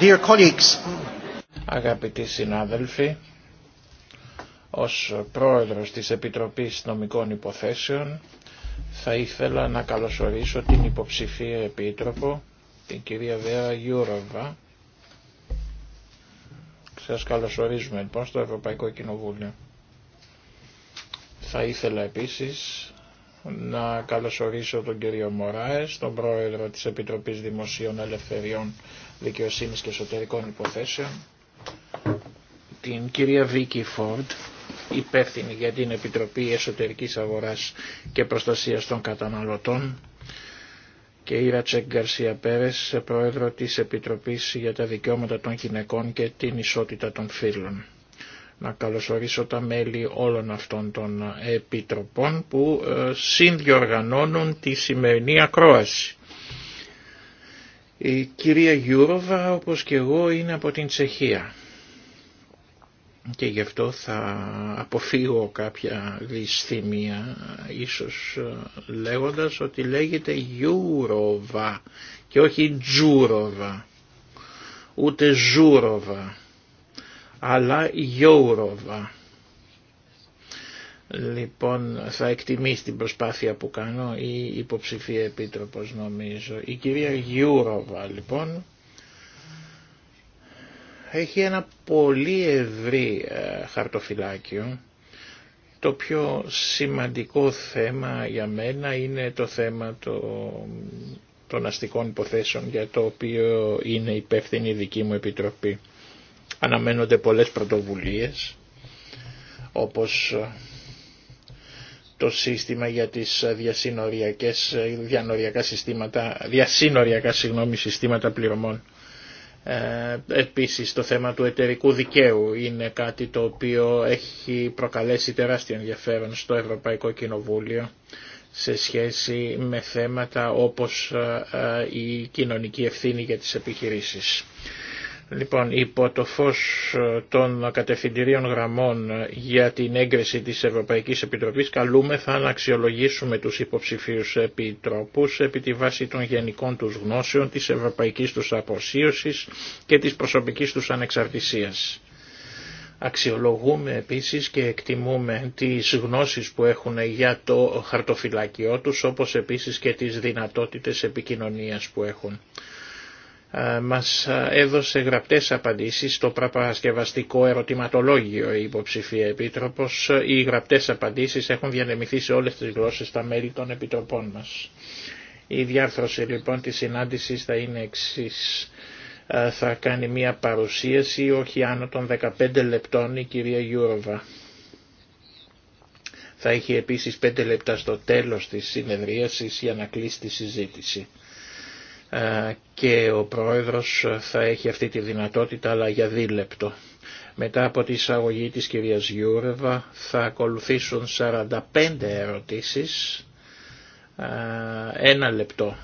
Dear colleagues. Αγαπητοί συνάδελφοι, ως πρόεδρος της Επιτροπής Νομικών Υποθέσεων θα ήθελα να καλωσορίσω την υποψηφία επίτροπο, την κυρία Βέρα Γιούροβα. Σας καλωσορίζουμε λοιπόν στο Ευρωπαϊκό Κοινοβούλιο. Θα ήθελα επίσης να καλωσορίσω τον κύριο Μωράες, τον πρόεδρο της Επιτροπής Δημοσίων Ελευθεριών Δικαιοσύνης και Εσωτερικών Υποθέσεων, την κυρία Βίκη Φόρντ, υπεύθυνη για την Επιτροπή Εσωτερικής Αγοράς και Προστασίας των Καταναλωτών, και η Ρατσέκ Γκαρσία Πέρες, πρόεδρο της Επιτροπής για τα Δικαιώματα των Γυναικών και την Ισότητα των Φίλων να καλωσορίσω τα μέλη όλων αυτών των επιτροπών που ε, συνδιοργανώνουν τη σημερινή ακρόαση. Η κυρία Γιούροβα, όπως και εγώ, είναι από την Τσεχία και γι' αυτό θα αποφύγω κάποια δυσθυμία, ίσως ε, λέγοντας ότι λέγεται Γιούροβα και όχι Τζούροβα, ούτε Ζούροβα αλλά Γιούροβα, Λοιπόν, θα εκτιμήσει την προσπάθεια που κάνω η υποψηφία επίτροπος νομίζω. Η κυρία Γιούροβα λοιπόν έχει ένα πολύ ευρύ ε, χαρτοφυλάκιο. Το πιο σημαντικό θέμα για μένα είναι το θέμα των αστικών υποθέσεων για το οποίο είναι υπεύθυνη η δική μου επιτροπή αναμένονται πολλές πρωτοβουλίες όπως ε, το σύστημα για τις ε, διασύνοριακές, ε, συστήματα, διασύνοριακά συστήματα πληρωμών. Ε, επίσης το θέμα του εταιρικού δικαίου είναι κάτι το οποίο έχει προκαλέσει τεράστιο ενδιαφέρον στο Ευρωπαϊκό Κοινοβούλιο σε σχέση με θέματα όπως η κοινωνική ευθύνη για τις επιχειρήσεις. Λοιπόν, υπό το φως ε, των κατευθυντηρίων γραμμών ε, για την έγκριση της Ευρωπαϊκής Επιτροπής καλούμεθα να αξιολογήσουμε τους υποψηφίους επιτροπούς επί τη βάση των γενικών τους γνώσεων, της ευρωπαϊκής τους αποσίωσης και της προσωπικής τους ανεξαρτησίας. Αξιολογούμε επίσης και εκτιμούμε τις γνώσεις που έχουν για το χαρτοφυλάκιό τους, όπως επίσης και τις δυνατότητες επικοινωνίας που έχουν. Ε, μας ε, έδωσε γραπτές απαντήσεις στο πραπαρασκευαστικό ερωτηματολόγιο η υποψηφία επίτροπος. Ε, οι γραπτές απαντήσεις έχουν διανεμηθεί σε όλες τις γλώσσες τα μέλη των επιτροπών μας. Η διάρθρωση λοιπόν της συνάντησης θα είναι εξή. Θα κάνει μία παρουσίαση όχι άνω των 15 λεπτών η κυρία Γιούροβα. Θα έχει επίσης 5 λεπτά στο τέλος της συνεδρίασης για να κλείσει τη συζήτηση. Ε, και ο πρόεδρος θα έχει αυτή τη δυνατότητα αλλά για δίλεπτο. Μετά από τη εισαγωγή της κυρίας Γιούρεβα θα ακολουθήσουν 45 ερωτήσεις, ε, ένα λεπτό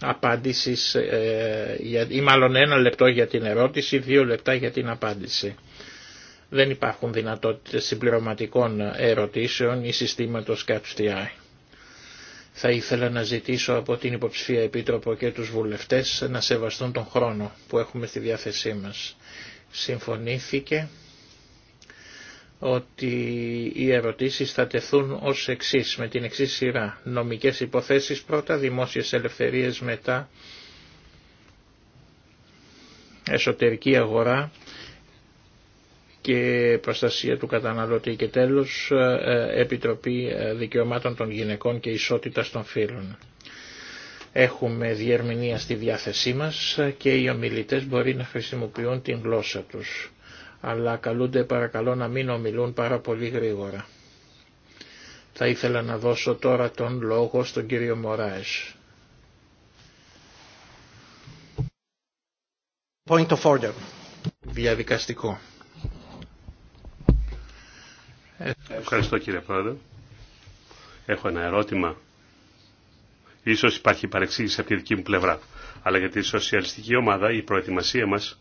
απάντησης ε, ή μάλλον ένα λεπτό για την ερώτηση, δύο λεπτά για την απάντηση. Δεν υπάρχουν δυνατότητες συμπληρωματικών ερωτήσεων ή συστήματος catch θα ήθελα να ζητήσω από την υποψηφία επίτροπο και τους βουλευτές να σεβαστούν τον χρόνο που έχουμε στη διάθεσή μας. Συμφωνήθηκε ότι οι ερωτήσεις θα τεθούν ως εξής, με την εξής σειρά. Νομικές υποθέσεις πρώτα, δημόσιες ελευθερίες μετά, εσωτερική αγορά, και προστασία του καταναλωτή και τέλος ε, ε, Επιτροπή ε, Δικαιωμάτων των Γυναικών και Ισότητας των Φύλων. Έχουμε διερμηνία στη διάθεσή μας και οι ομιλητές μπορεί να χρησιμοποιούν την γλώσσα τους, αλλά καλούνται παρακαλώ να μην ομιλούν πάρα πολύ γρήγορα. Θα ήθελα να δώσω τώρα τον λόγο στον κύριο Μωράες. Point of order. Διαδικαστικό. Ευχαριστώ κύριε Πρόεδρε. Έχω ένα ερώτημα. Ίσως υπάρχει παρεξήγηση από τη δική μου πλευρά. Αλλά για τη σοσιαλιστική ομάδα η προετοιμασία μας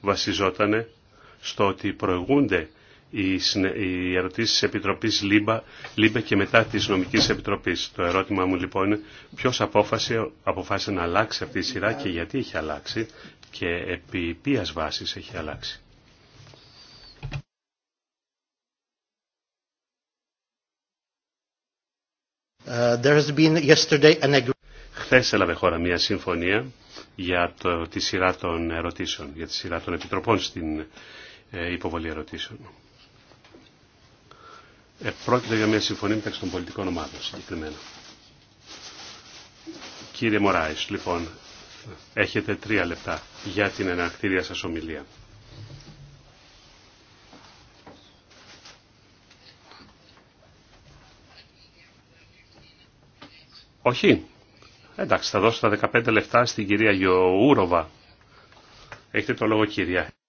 βασιζόταν στο ότι προηγούνται οι ερωτήσει τη Επιτροπή ΛΥΜΠΑ και μετά τη Νομική Επιτροπή. Το ερώτημα μου λοιπόν είναι ποιο απόφασε, αποφάσισε να αλλάξει αυτή η σειρά και γιατί έχει αλλάξει και επί ποιας βάσης έχει αλλάξει. Uh, Χθε έλαβε χώρα μια συμφωνία για τη σειρά των ερωτήσεων, για τη σειρά των επιτροπών στην ε, υποβολή ερωτήσεων. Ε, πρόκειται για μια συμφωνία μεταξύ των πολιτικών ομάδων συγκεκριμένα. Κύριε Μωράης, λοιπόν, έχετε τρία λεπτά για την ενακτήρια σας ομιλία. Όχι. Εντάξει, θα δώσω τα 15 λεφτά στην κυρία Γιοούροβα. Έχετε το λόγο κυρία.